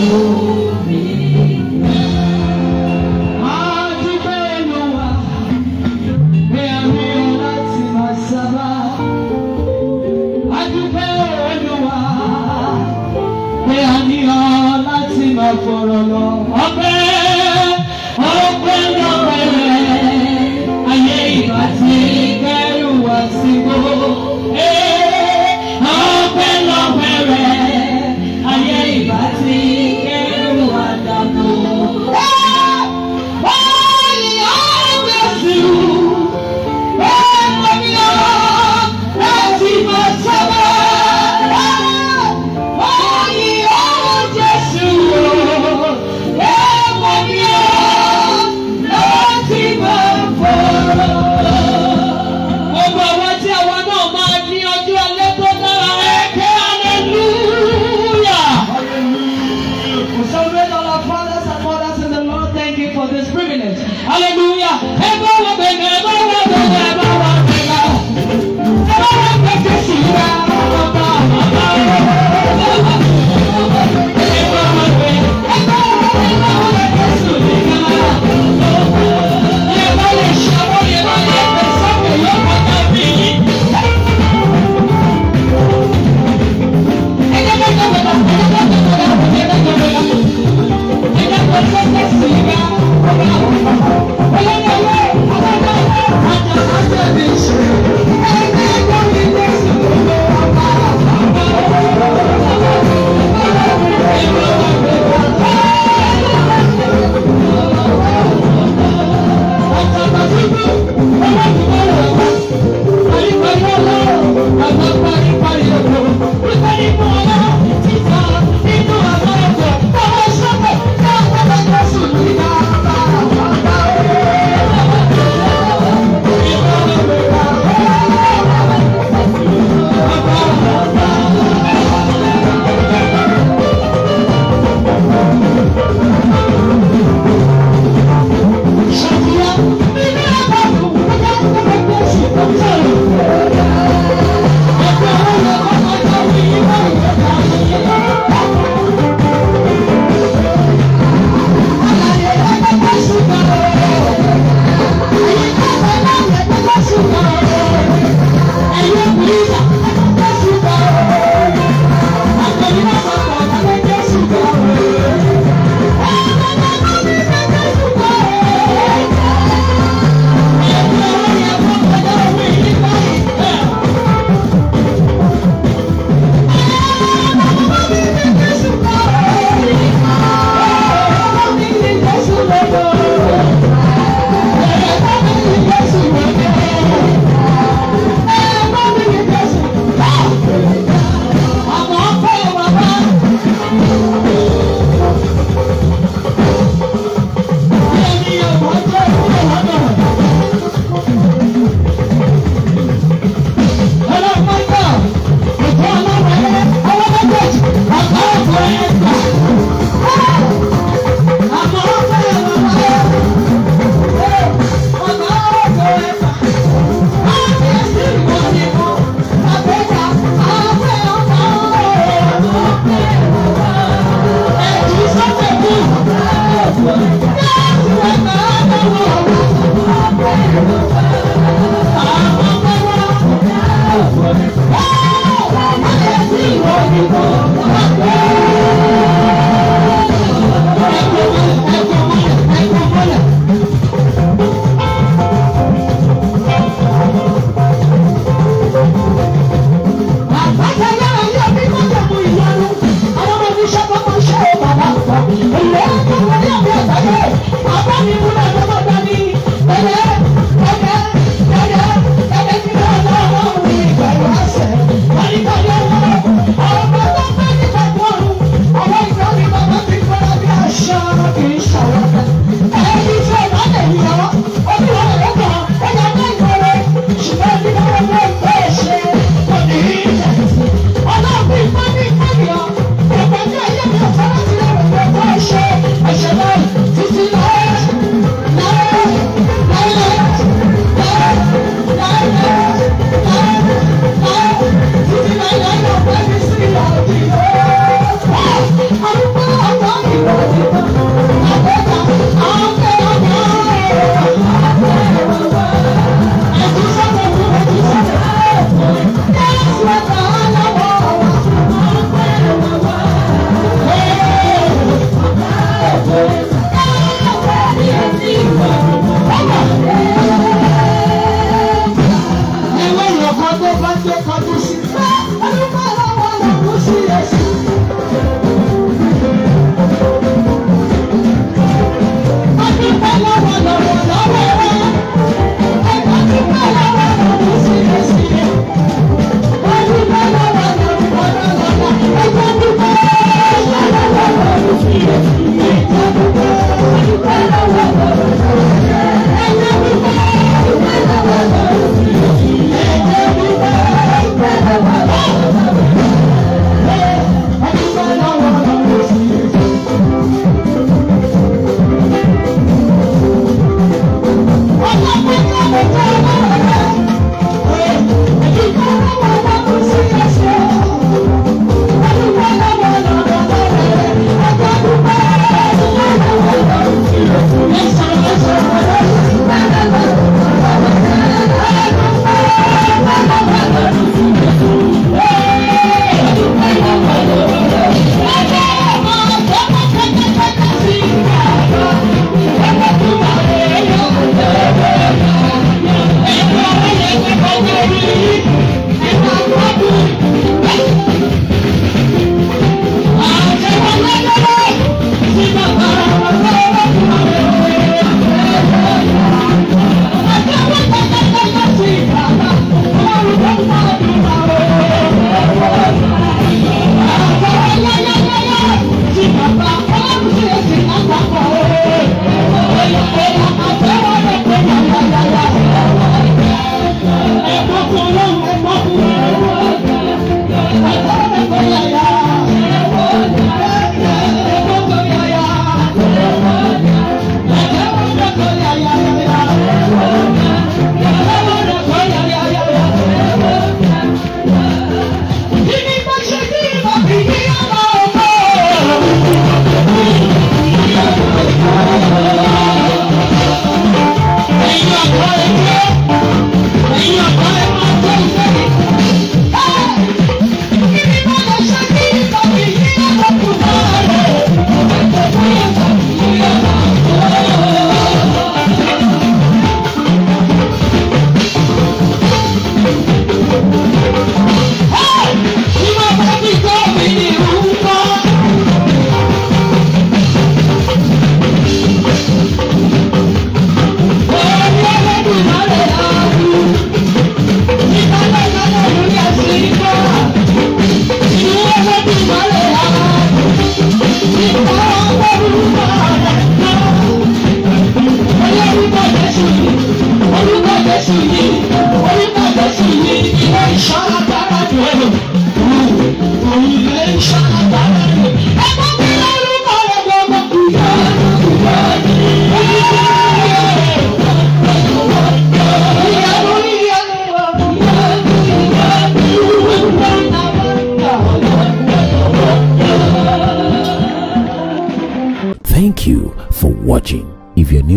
Oh.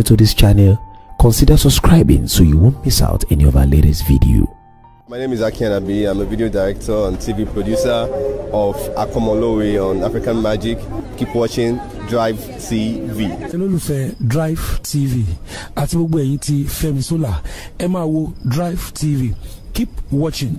new to this channel, consider subscribing so you won't miss out any of our latest video. My name is Aki Abi. I'm a video director and TV producer of Akomolowe on African Magic. Keep watching Drive TV. Hello, Drive TV àti gbogbo ẹ̀yin tí Fẹ́mi Sola wo Drive TV. Keep watching